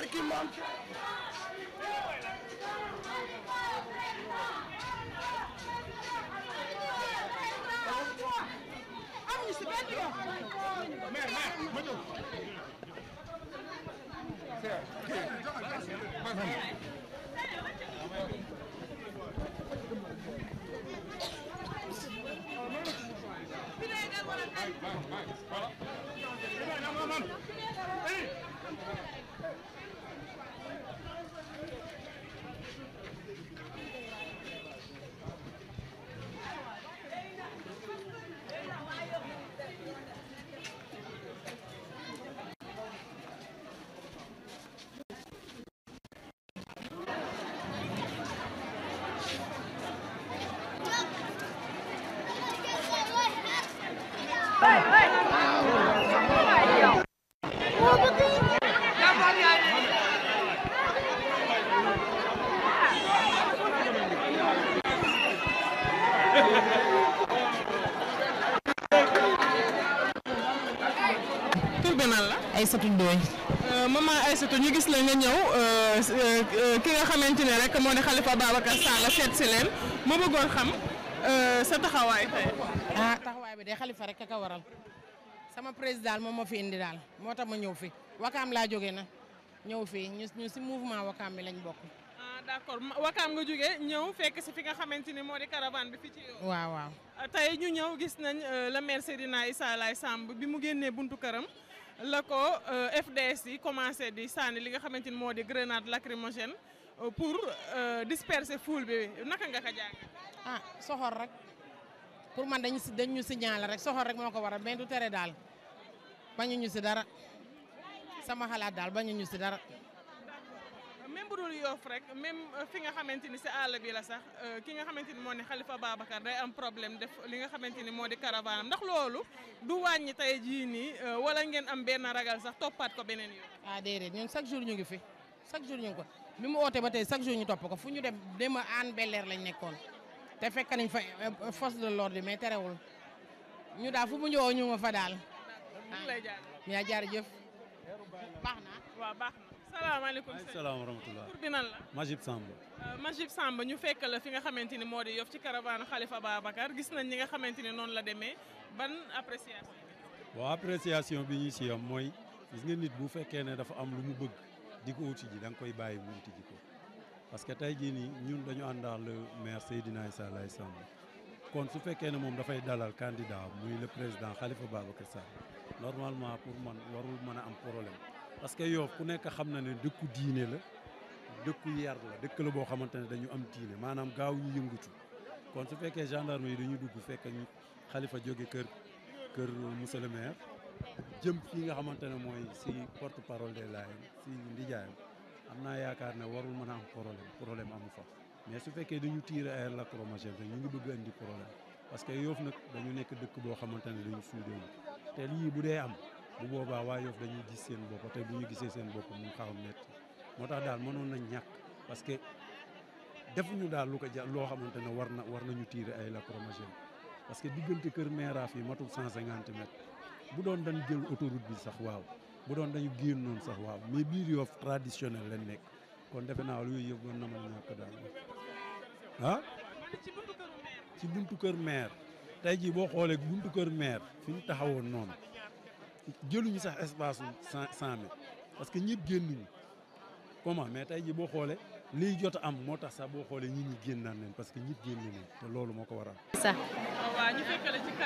Agora que manca! Mas, mas, mas, Aïssatou Ndoye. Euh, maman Aïssatou ñu gis la nga ñëw euh, euh, ki nga xamante ne rek moo di Khalifa Babacar Sall seet si leen ma bëggoon xam sa taxawaay tey. ah bi de Khalifa rek ka waral sama président moom moo fi indi daal moo tax ma ñëw fi wakaam laa jógee na ñëw fii ñu ñu si mouvement wakaam bi lañ bokk. ah d'accord wakaam nga jógee fekk si fi nga xamante ni moo di caravane bi fi ci yow. waaw waaw ah, tey ñu ñëw gis nañ la maire Seydina Issa Samb bi mu génnee buntu këram. la ko euh, FDS yi commencé di sànni li nga xamante ni moo di grenade lacrymogène euh, pour euh, disperser foule bi naka nga ko jàng. ah soxor rek pour man dañu si dañu ñu signaler rek soxor rek moo ko waral mais du tere daal bañu ñu si dara sama xalaat daal bañu ñu si dara. même bu dul yoof rek même euh, fi nga xamante ni si àll bi la sax euh, ki nga xamante ni moo ne Khalifa Babacar day am problème def li nga xamante ni moo di caravane ndax loolu du wàññi tey jii nii euh, wala ngeen am benn ragal sax toppaat ko beneen yoon. ah déedéet ñun chaque jour ñu ngi fi chaque jour ñu ngi ko mi mu oote ba tey chaque jour ñu topp ko fu ñu dem dem a aan belleer lañ nekkoon te fekk nañ fa force de l'ordre mais terewul ñu daal fu mu ñëwoo ñu nga fa daal. ah ñu ngi ah, jaar jëf. baax salaamaaleykum sëñ salaam wa rahmatulah. tur bi nan la. Majib euh, ñu fekk la fi nga xamante ni moo di Yoff ci caravane Khalifa Ababacar gis nañ ñi nga xamante ni noonu la demee ban appréciation. waaw bi ñu si am mooy gis nga nit bu fekkee ne dafa am lu mu bëgg di ko uti ji da koy bàyyi mu uti ji ko parce que tey jii nii ñun dañu àndaal le maire Seydina Issa Laye Samb kon su fekkee ne moom dafay dalal candidat muy le président Khalifa Ababacar Sall normalement pour man warul mën a am problème. parce que Yoff ku nekk xam na ne dëkku diine la dëkku yar la dëkk la boo xamante ne dañu am diine maanaam gaaw ñu yëngutu kon su fekkee gendarme yi dañu dugg fekk ñu xalifa jóge kër kër monsieur le maire jëm fii nga xamante ne mooy si porte parole des Layènes si ndijaayam am naa yaakaar ne warul man a am problème problème amu fa mais su fekkee dañu tiire ay lacrymogène rek ñu ngi bëgg indi problème parce que Yoff nag dañu nekk dëkk boo xamante ne dañu suudéwu te lii bu dee am bu boobaa waa yoof dañuy gis seen bopp te bu ñu gisee seen bopp mu xaw a métti moo tax daal manoon na ñàkk parce que defuñu daal lu ko ja loo xamante ne war na war nañu tiire ay lacrymogène parce que diggante kër Meeraaf yi matul 150 mètres bu doon dañu jël autoroute bi sax waaw bu doon dañu génn noon sax waaw mais biir Yoff traditionnel lañ nekk kon defe naa lu yooyu yëpp war na mën a ñàkk daal ah. ci buntu kër maire tey jii boo xoolee buntu kër maire fi ñu taxawoon noonu. jëluñu sax espace su cent mètres parce que ñëpp génnuñu comment mais tey ji boo xoolee liy jot am moo tax sax boo xoolee ñi ñi génnaan leen parce que ñëpp génn leen te loolu moo ko waral. sax. waaw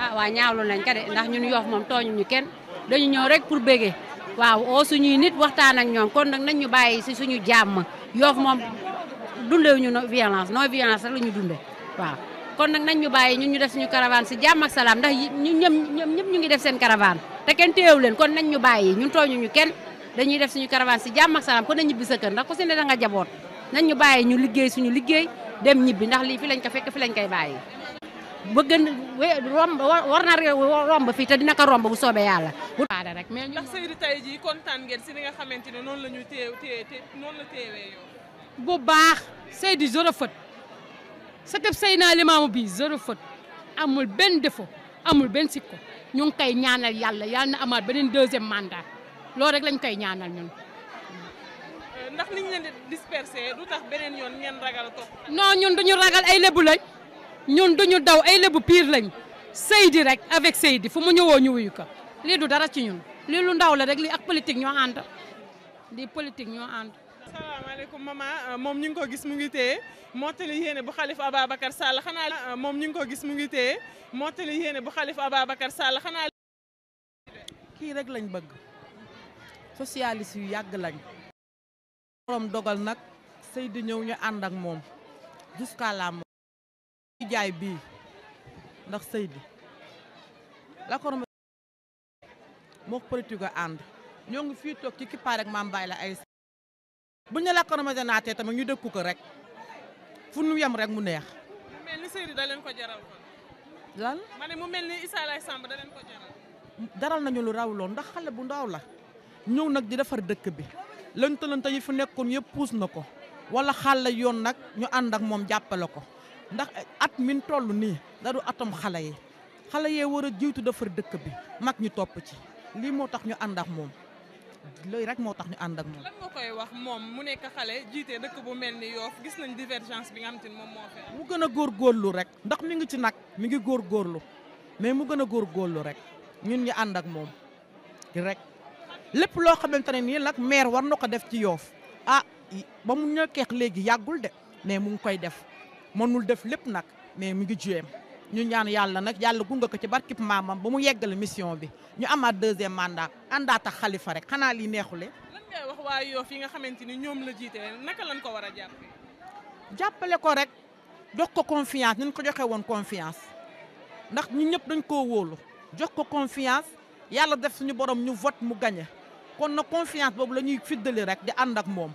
ah, waa ñaawlu nañ ka de ndax ñun yoof moom tooñu ñu kenn dañu ñëw rek pour béggee waaw oo suñuy nit waxtaan ak ñoom kon nag nañ ñu bàyyi si suñu jàmm yoof moom dundewu ñu no violence non violence rek la ñu dunde waaw. kon nag nañ ñu bàyyi ñun ñu def suñu caravane si jàmm ak salaam ndax ñu ñëm ñoom ñëpp ñu ngi def seen caravane te kenn téyewu leen kon nañ ñu bàyyi ñun tooñu ñu kenn dañuy def suñu caravane si jàmm ak na ñibbi sa kër ndax ku si ne da nga jaboot nañ ñu bàyyi ñu liggéey suñu liggéey dem ñibbi ndax lii fi lañ ko fekk fi lañ koy bàyyi bëgg romb war na romb fii te dina ko romb bu soobee yàlla waada rek mais ndax Seydou tey jii kontaan ngeen si li nga xamante ne noonu la ñu téye téye bu baax Seydou jorofët sëtëb Seydina Limaamu bi zéro amul benn défaut amul benn sikko ñu ngi koy ñaanal yàlla yal na amaat beneen deuxième mandat loolu rek lañ koy ñaanal ñun. Euh, ndax niñ leen di dispersé du tax beneen yoon ngeen ragal topp. non ñun duñu ragal ay lebu lañ ñun duñu daw ay lebu piir lañ Seydi rek avec Seydi fu mu ñëwoo ñu wuyu ko lii du dara ci ñun lii lu ndaw la rek lii ak politique ñoo ànd lii politique ñoo ànd. asalaamaaleykum mama euh, moom ñu ngi ko gis mu ngi téye mottali yéene bu xalifa Ababacar Sall xanaa euh, moom ñi ngi ko gis mu ngi téye mottali yéene bu xalifa Ababacar Sall xanaa kii rek lañ bëgg socialiste yu yàgg lañ borom dogal nag sëy di ñëw ñu ànd ak moom jusqu'à la mort jaay bii ndax sëy di l'accord moo politique a ànd ñoo ngi fii toog ci kippaar ak maam la ay buñ ne lacrymogène naatee tamit ñu dëkku ko rek fu nu yem rek mu neex. mu mel ni Seydou da leen ko jaral kon. lan ma ne mu mel ni Issa Laye Samb da leen ko daral nañu lu raw lool ndax xale bu ndaw la ñëw nag di defar dëkk bi lëntalante fu fi nekkoon yëpp puus na ko wala xale yoon nag ñu ànd ak moom jàppale ko ndax at min toll nii da du atom xale yi xale yee war a jiitu defar dëkk bi mag ñu topp ci lii moo tax ñu ànd ak moom. loolu rek moo tax ñu ànd ak moom. lan nga koy wax moom mu nekk xale jiite dëkk bu mel ni Yoff gis nañ divergence bi nga xam te ne moom moo mu gën a góorgóorlu rek ndax mi ngi ci nag mi ngi góor góorlu mais mu gën a góor góorgóorlu rek ñun ñu ànd ak moom rek lépp loo xamante ne nii nag maire war na ko def ci Yoff ah ba mu ñëw keex léegi yàggul de mais mu ngi koy def mënul def lépp nag mais mu ngi juyeem. ñu ñaan yàlla nag yàlla gunga ko ci barkib maamam ba mu yeggale mission bi ñu amaat deuxième mandat àndaata xalifa rek xanaa lii neexule lan ngay wax waa Yoff yi nga xamante ni ñoom la jiite naka lañ ko war a jàpp jàppale ko rek jox ko confiance ni ñu ko joxe woon confiance ndax ñu ñëpp dañ koo wóolu jox ko confiance yàlla def suñu borom ñu vote mu gañe kon na confiance boobu la ñuy fiddali rek di ànd ak moom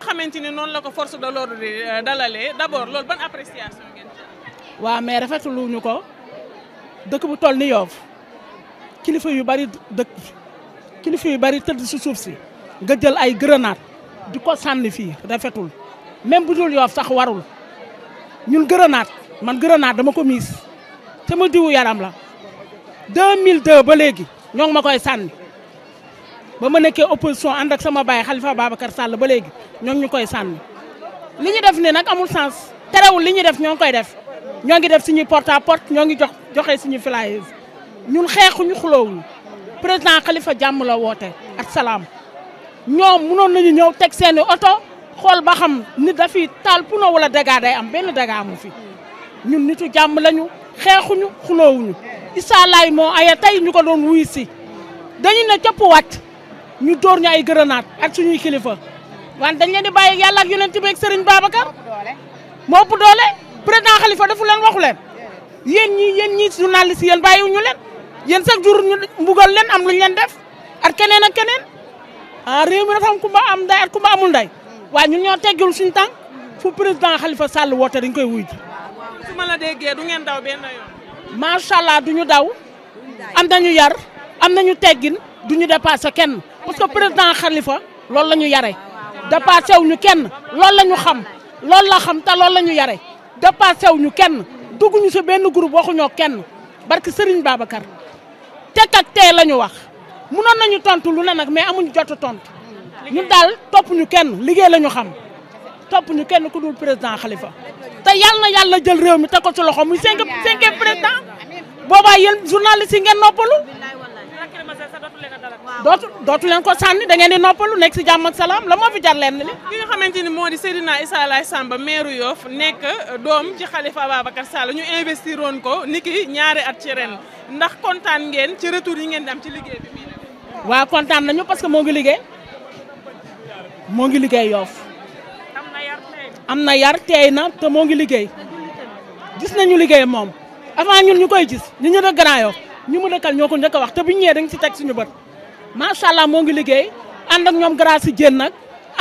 xamante ni noonu la ko force de l'ordre di euh, dalalee d'abord loolu waaw mais rafetlu ko dëkk bu toll ni yoof kilifa yu bari dëkk kilifa yu bari tëdd si suuf si nga jël ay grenade di ko sànni fii rafetul même bu dul Yoff sax warul ñun grenade man grenade dama ko miis sama diwu yaram la 2002 ba léegi ñoo ma koy sànni ba ma nekkee opposition ànd ak sama baay Khalifa Babacar Sall ba léegi ñoo ñu koy sànni li ñu def nii nag amul sens terewul li ñu def ñoo koy def ñoo ngi def suñuy porte à ñoo ngi jox joxe suñu flyers ñun xeexuñu xuloowuñu président Khalifa jàmm woote ak salaam ñoom mënoon nañu ñëw teg seeni oto xool ba xam nit dafiy taal puno wala dégâts day am benn dégâts amu ñun nitu jàmm lañu xeexuñu xuloowuñu Issa Laye moo aya tey ñu ko doon wuy si dañu ne copp wàcc ñu dóor ñu ay grenade ak suñuy kilifa wante dañ leen di bàyyi yàlla ak yonent bi ak Serigne Babacar moo ëpp doole président Khalifa dafa leen waxu leen yéen ñi yéen ñi journaliste yéen bàyyiwuñu leen yéen chaque jour ñu mbugal leen am luñ leen def ak keneen ak keneen a ah, réew mi dafa am kumba am nday ak kumba amul nday waaye ñun ñoo teggul suñu tànk fu président Khalifa Sall woote dañ koy wuy ji déggee du ngeen daw benn yoon macha allah duñu daw am nañu yar am nañu teggin duñu dépassé kenn parce que président Khalifa loolu la ñu yare dépassé wuñu kenn loolu la ñu xam loolu la xam te loolu la ñu yare dépassé wu ñu kenn dugg si benn groupe waxuñoo kenn barki Serigne Babacar teg ak tey la ñu wax munoon nañu tontu lu ne nag mais amuñu jot tontu ñu daal topp ñu kenn liggéey la ñu xam topp ñu kenn ku dul président Khalifa te yàlla na yàlla jël réew mi teg ko ci loxo muy cinq cinquième président boobaa yéen journaliste yi ngeen noppalu. dootu dootu leen ko sànni da ngeen di noppalu nekk si jàmm ak salaam la moo fi jar leen li li nga xamante ni moo di Seydina Samba maire Yoff nekk euh, doom ci Khalifa Ababacar Sall ñu investir woon ko niki ñaari at ci ren ndax kontaan ngeen ci retour yi ngeen di am ci liggéey bi. waaw kontaan nañu parce que moo ngi liggéey moo ngi liggéey Yoff am na yar teey na te moo ngi liggéey gis nañu liggéey moom avant ñun ñu koy gis ñu ñu dëgg Grand Yoff ñu mu dëkkal ñoo ko njëkk a wax te i ñëwee dañ si teg suñu bët macha allah moo ngi liggéey ànd ak ñoom grâce si jéen nag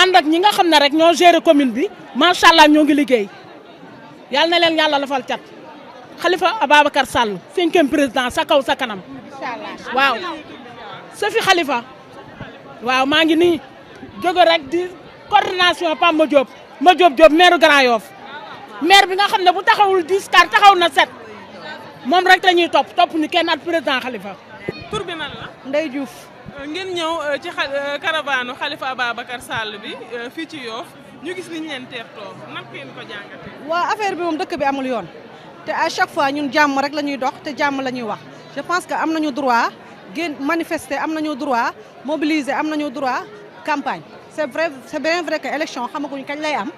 ànd ak ñi nga xam ne rek ñoo gérer commune bi macha allah ñoo ngi liggéey yal na leen yàlla lafal cat xalifa Ababacar Sall cinquième président sa kaw sa kanam waaw sëfi xalifa waaw maa ngi nii jóge rek di coordination Pam Madiop Madiop Diop maire Grand Yoff maire bi nga xam ne bu taxawul di car taxaw na set moom rek lañuy topp topp ñu kenn at président Khalifa. tur bi nan la. Ndeye Diouf. Euh, ngeen ñëw euh, ci euh, caravane Khalifa Ababacar Sall bi fii ci Yoff ñu gis ni ñu leen teertoo nag ngeen ko affaire bi moom dëkk bi amul yoon te à chaque fois ñun jàmm rek la ñuy dox te jàmm la ñuy wax je pense que am nañu droit génn manifester am nañu droit mobiliser am nañu droit campagne c' est vrai c' est vrai que élection xamaguñ kañ lay am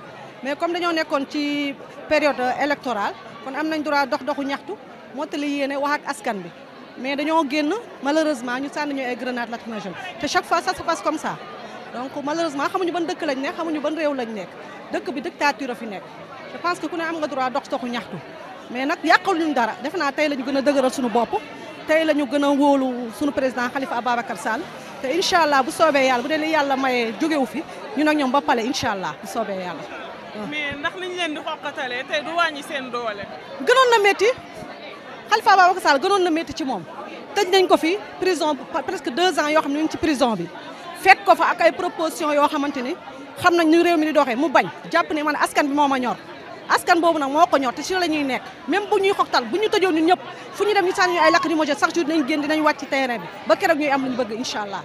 mais comme dañoo nekkoon ci période électorale kon am nañ droit dox doxu ñaxtu. mottali yéene wax ak askan bi mais dañoo génn malheureusement ñu sànni ñoo ay grenades lacrymogènes te chaque fois ça se passe comme ça donc malheureusement xamuñu ban dëkk lañ nekk xamuñu ban réew lañ nekk dëkk bi dictature a fi nekk je pense que ku ne am nga droit dox toxu ñaxtu mais nag yàqaluñu dara def naa tey la ñu gën a dëgëral suñu bopp tey la ñu gën a wóolu suñu président Khalifa Ababacar Sall te incha allah bu soobee yàlla bu dee li yàlla mayee jógewu fi ñu ak ñoom ba pale incha allah soobee yàlla mais ndax liñ leen seen doole gënoon na métti Khalifa Ababacar Sall gënon na metti ci mom tej nañ ko fi prison presque 2 ans yo xamni ñu ci prison bi fek ko fa ak ay proposition yoo xamante ni xam ñu réew mi di doxé mu bañ japp ne man askan bi moma ñor askan bobu nak moko ñor te ci lañuy nekk même bu ñuy xoktal bu ñu tëjoon ñun ñëpp fu ñu dem ñu sañu ay lakk di mojo jour dinañ gën dinañ wacc terrain bi ba ak ñuy am luñu bëgg inshallah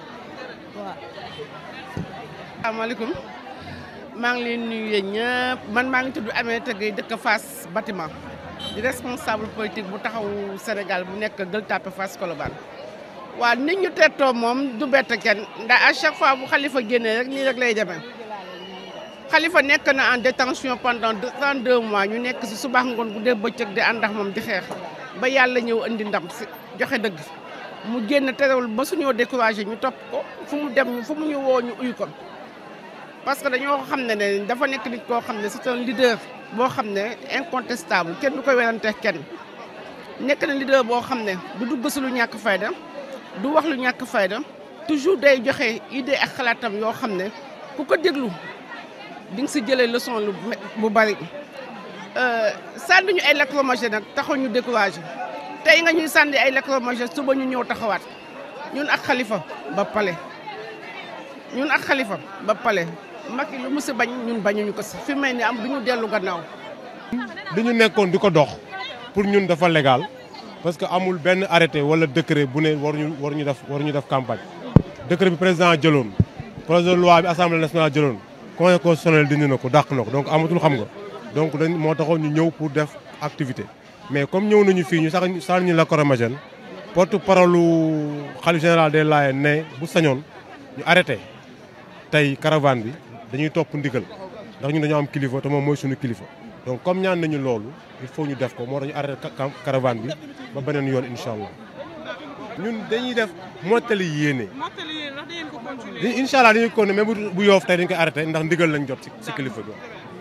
allah waaw alaykum mang leen nuyu yéen man mang tuddu amé Aminata Gueye dëkk bâtiment di responsable politique bu taxawu Sénégal bu nekk Gueule Tapée Fass Colobane waaw nit ñu tettoo moom du bett kenn ndax à chaque fois bu xalifa génne rek nii rek lay demee xalifa nekk na en détention pendant trente deux mois ñu nekk si subax ngoon bu dee bëccëg di àndax moom di xeex ba yàlla ñëw indi ndam si joxe dëgg mu génn terewul ba suñoo découragé ñu topp ko fu mu dem fu mu ñu woo ñu uyu ko parce que dañoo xam ne ne dafa nekk nit koo xam ne c'est un leader boo xam ne incontestable kenn du koy werante kenn nekk na leader boo xam ne du dugg si lu ñàkk fayda du wax lu ñàkk fayda toujours day joxe idée ak xalaatam yoo xam ne ku ko déglu di nga si jëlee leçon lu bu bari. Euh, sànni ñu ay lacrymogène nag taxaw ñu découragé tey nga ñuy sànni ay lacrymogène suba ñu ñëw taxawaat ñun ak xalifa ba pale ñun ak xalifa ba pale Macky lu mu si bañ ñun bañuñu ko si fi may ni am du ñu dellu gannaaw. li ñu nekkoon di ko dox pour ñun dafa légal parce que amul benn arrêté wala décret bu ne waru ñu def waruñu def campagne. décret bi président jëloon projet de loi bi assemblée jëloon jëloon conseil constitutionnel dindi na ko dàq na ko donc amatul xam nga donc dañ moo taxoon ñu ñëw pour def activité. mais comme ñëw nañu fii ñu sax sax ñu la Coromagène porte parole xalif général des Layènes ne bu sañoon ñu arrêté tey caravane bi. dañuy topp ndigal ndax ñu dañoo am kilifa te moom mooy suñu kilifa donc comme ñaan nañu loolu il faut ñu def ko moo tax ñu arrêté caravane bi ba beneen yoon incha allah ñun dañuy def moo yéene. mottali yéene ndax allah dañuy continuer mais bu bu yoof tey dañu koy arrêté ndax ndigal lañ jot si kilifa bi.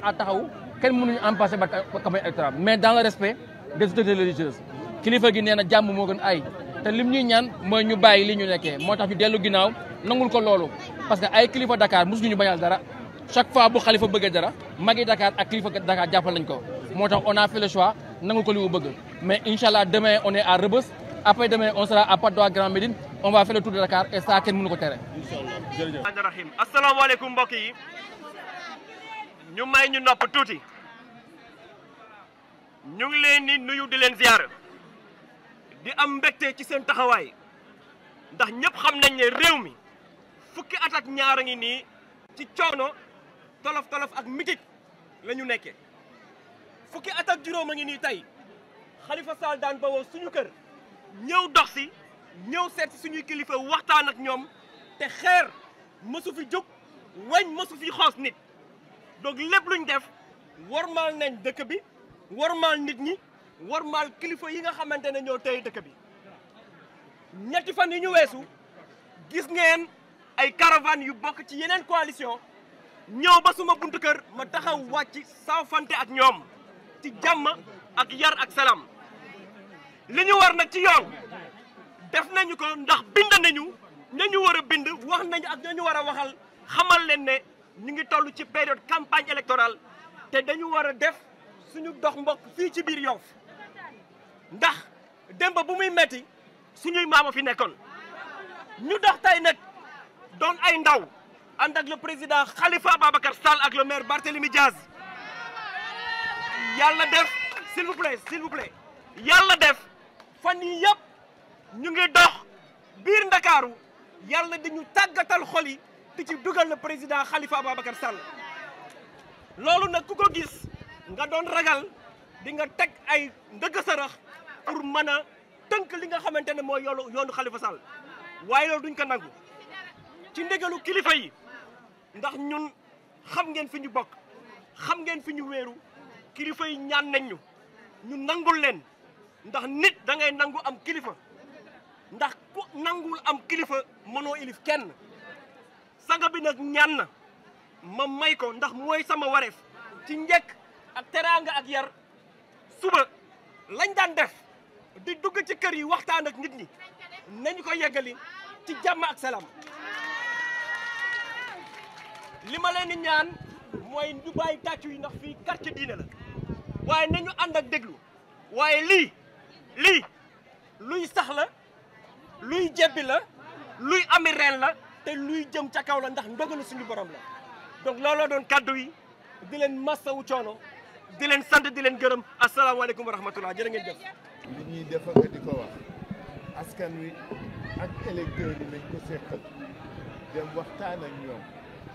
à taxaw kenn mënuñu empêcher ba campagne électorale mais dans le respect des autorités religieuses kilifa gi nee na jàmm moo gën ay te lim ñuy ñaan mooy ñu bàyyi lii ñu nekkee moo tax ñu dellu ginnaaw nangul ko loolu parce que ay kilifa Dakar mosuñu bañal dara. chaque fois bu Khalifa bëggee dara magi Dakar a kilifa Dakar jàppal nañ ko moo tax on a fait le choix nangu ko li mu bëgg mais incha allah demain on est à Rebeuss après demain on sera à Patte Grand Médine on va faire le tour de Dakar kenn mënu ko tere. incha allah jërëjëf. rahim asalaamaaleykum mbokk yi ñu may ñu nopp tuuti ñu ngi leen di nuyu di leen ziar di am mbégte ci seen taxawaay ndax ñëpp xam nañ ne réew mi fukki at ak ngi nii ci coono. tolof tolof ak mitit la ñu nekkee fukki at ak juróom a ngi nii tey xalifa Sall daan bawoo suñu kër ñëw dox si ñëw seet si suñuy kilifa waxtaan ak ñoom te xeer mësu fi jóg weñ mësu fi xoos nit donc lépp luñ def warmaal nañ dëkk bi warmaal nit ñi warmaal kilifa yi nga xamante ne ñoo tey dëkk bi ñetti fan yi ñu weesu gis ngeen ay caravane yu bokk ci yeneen coalition ñëw ba suma buntu kër ma taxaw wàcc saafante ak ñoom ci jàmm ak yar ak salaam li ñu war nag ci yoon def nañu ko ndax bind nañu ñu war a bind wax nañu ak ñu war a waxal xamal leen ne ñu ngi toll ci période campagne électorale te dañu war a def suñu dox mbokk fii ci biir Yoff ndax démb bu muy metti suñuy maama fi nekkoon ñu dox tey nag doon ay ndaw ànd le président Khalifa babacar Sall ak le maire Barthélémy Diaz yalla def s'il vous plaît s'il vous plaît yalla def fani yep ñu ngi dox bir ndakaaru yalla di ñu tagatal xoli di ci duggal le président Khalifa babacar Sall lolu nak kuko gis nga don ragal di nga tek ay ndeug sarax pour mën teunk li nga xamantene ne yoonu Khalifa Sall waye lolu duñ ko nangu ci kilifa yi ndax ñun xam ngeen fi ñu bokk xam ngeen fi ñu nenyu kilifa yi ñaan nañ ñu ñu nangul leen ndax nit da ngay nangu am kilifa ndax ku nangul am kilifa mëno ilif kenn sanga bi nak ñaan na ma may ko ndax moy sama waref ci ñek ak teranga ak yar suba lañ daan def di dugg ci kër yi waxtaan ak nit ñi nañ ko yeggali ci jamm ak salam li ma leen di ñaan mooy ñu bàyyi tàccu yi ndax fii quartier diine la waaye nañu ànd ak déglu waaye lii lii luy sax la luy jebbi la luy ami reen la te luy jëm ca kaw la ndax ndogalu suñu borom la donc la doon kàddu yi di leen massawu coono di leen sant di leen gërëm asalaamaaleykum wa rahmatullah jërë ngeen jëf li ñuy def di ko wax askan wi ak électeurs yi nañ ko seqal dem waxtaan ak ñoom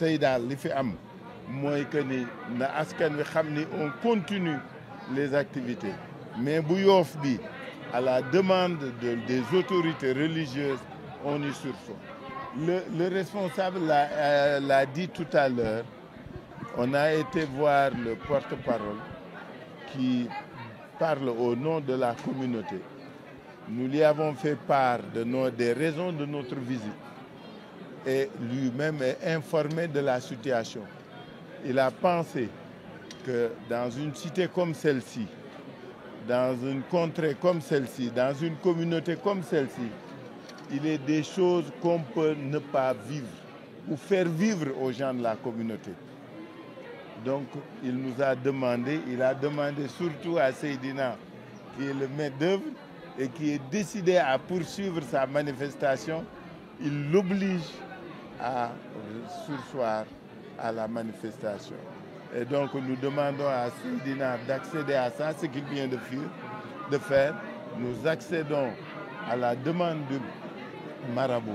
tay on continue les activités mais bu à la demande des autorités religieuses on y sur le responsable euh, l'a dit tout à l'heure on a été voir le porte-parole qui parle au nom de la communauté nous lui avons fait part de nos des raisons de notre visite et lui-même est informé de la situation. Il a pensé que dans une cité comme celle-ci, dans une contrée comme celle-ci, dans une communauté comme celle-ci, il est des choses qu'on peut ne pas vivre ou faire vivre aux gens de la communauté. Donc il nous a demandé, il a demandé surtout à Seydina, qui est le maître d'œuvre et qui est décidé à poursuivre sa manifestation, il l'oblige à sursoir à la manifestation. Et donc nous demandons à Sidina d'accéder à ça, ce qu'il vient de faire. Nous accédons à la demande du marabout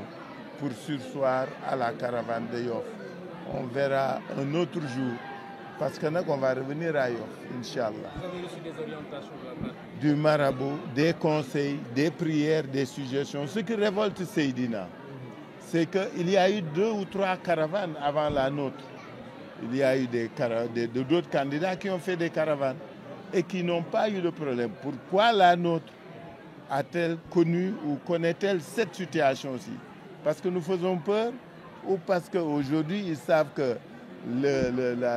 pour sursoir à la caravane de Yoff. On verra un autre jour, parce que qu'on va revenir à Yoff, Inch'Allah. des orientations Du marabout, des conseils, des prières, des suggestions, ce qui révolte Seydina c'est qu'il y a eu deux ou trois caravanes avant la nôtre. Il y a eu d'autres des, candidats qui ont fait des caravanes et qui n'ont pas eu de problème. Pourquoi la nôtre a-t-elle connu ou connaît-elle cette situation-ci Parce que nous faisons peur ou parce qu'aujourd'hui, ils savent que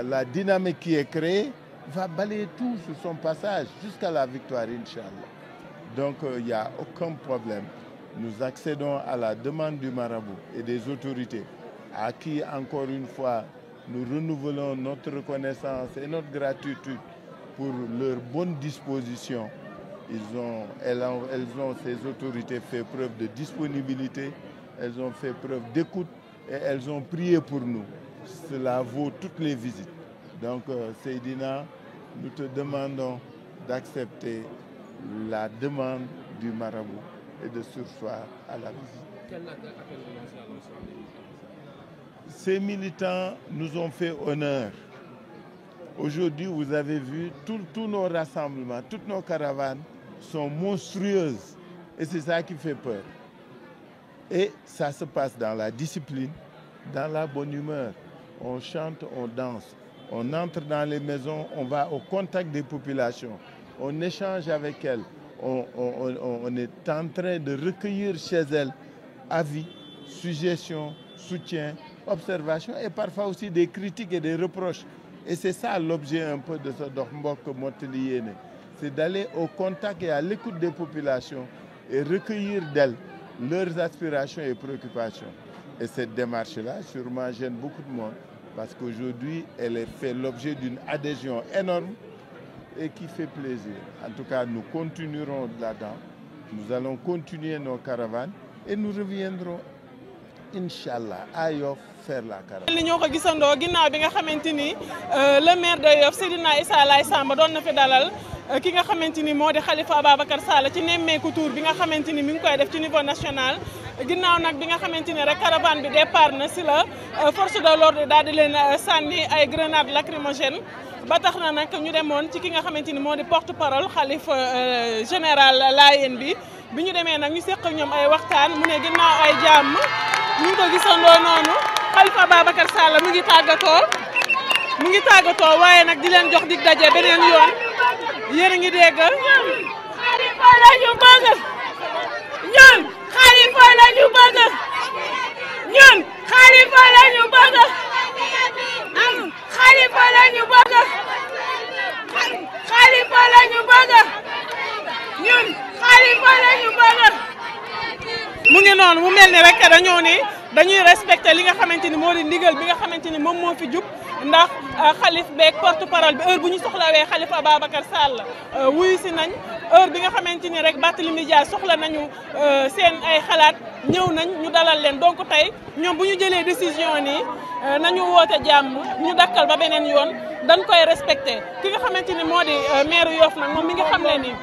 la, dynamique qui est créée va balayer tout sur son passage jusqu'à la victoire, Inch'Allah. Donc, euh, il n'y a aucun problème nous accédons à la demande du marabout et des autorités, à qui encore une fois nous renouvelons notre reconnaissance et notre gratitude pour leur bonne disposition. Ils ont, ont, elles ont, ces autorités, fait preuve de disponibilité, elles ont fait preuve d'écoute et elles ont prié pour nous. Cela vaut toutes les visites. Donc, euh, Seydina, nous te demandons d'accepter la demande du marabout et de sursoir à la visite. Ces militants nous ont fait honneur. Aujourd'hui, vous avez vu, tous nos rassemblements, toutes nos caravanes sont monstrueuses. Et c'est ça qui fait peur. Et ça se passe dans la discipline, dans la bonne humeur. On chante, on danse, on entre dans les maisons, on va au contact des populations, on échange avec elles, on, est en train de recueillir chez elles avis, suggestions, soutiens, observations et parfois aussi des critiques et des reproches. Et c'est ça l'objet un peu de ce Dokmbok Montelienne. C'est d'aller au contact et à l'écoute des populations et recueillir d'elles leurs aspirations et préoccupations. Et cette démarche-là, sûrement, gêne beaucoup de monde parce qu'aujourd'hui, elle est fait l'objet d'une adhésion énorme et qui fait plaisir. En tout cas, nous continuerons là-dedans. Nous allons continuer nos caravanes et nous reviendrons Inch'Allah à Yoff faire la caravane. li ko gisandoo ginnaaw bi nga euh, le maire de Yoff Seydina Issa Laye Samba doon na fi dalal euh, ki nga xamanteni ni di Khalifa ababakar Sall ci ko tour bi nga xamanteni mi ngi koy def ci niveau national. ginnaw nak bi nga xamanteni la rek caravane bi départ na si euh, force de l'ordre daal di à sànni ay grenades lacrymogènes. ba tax na nak ñu demoon ci ki nga xamanteni ni porte parole xalif euh, général Layen bi bi ñu demee nag ñu seq ak ay waxtaan mu né ginnaw ay jamm ñu ko gisandoo nonu khalifa babakar Sall mu ngi tagato mu ngi tagato waaye nak di leen jox dig dajé benen yoon yéen ngi dégg. khalifa la ñu bëgg ñun khalifa la ñu bëgg ñun khalifa la ñu bëgg. xalifa la ñu bëgg xalifa la mu ngi noonu mu mel ni rek dañoo ni dañuy respecté li nga xamante ni moo di ndigal bi nga xamante ni moom moo fi jub ndax euh, xalif beeg porte parole bi heure bu ñu soxlawee xalif Ababacar Sall euh, wuyu si nañ heure bi nga xamante ni rek Barthélémy Dias soxla nañu euh, seen ay xalaat ñëw nañ ñu dalal leen donc tey ñoom bu ñu jëlee décision nii nañu woote jàmm ñu dakkal ba beneen yoon dañ koy respecté ki nga xamante ni moo di maire Yoff nag moom mi nga xam leen nii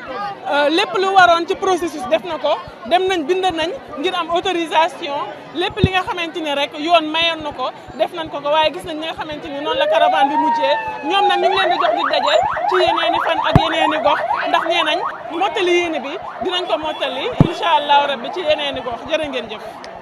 lépp lu waroon ci processus def na ko dem nañ bind nañ ngir am autorisation lépp li nga xamante ni rek yoon mayoon na ko def nañ ko ko waaye gis nañ li nga xamante ni noonu la caravane bi mujjee ñoom nag ñu ngi leen di jox di daje ci yeneeni fan ak yeneeni gox ndax ñee nañ mottali yéene bi dinañ ko mottali incha allahu rabbi ci yeneeni gox jërë ngeen jëf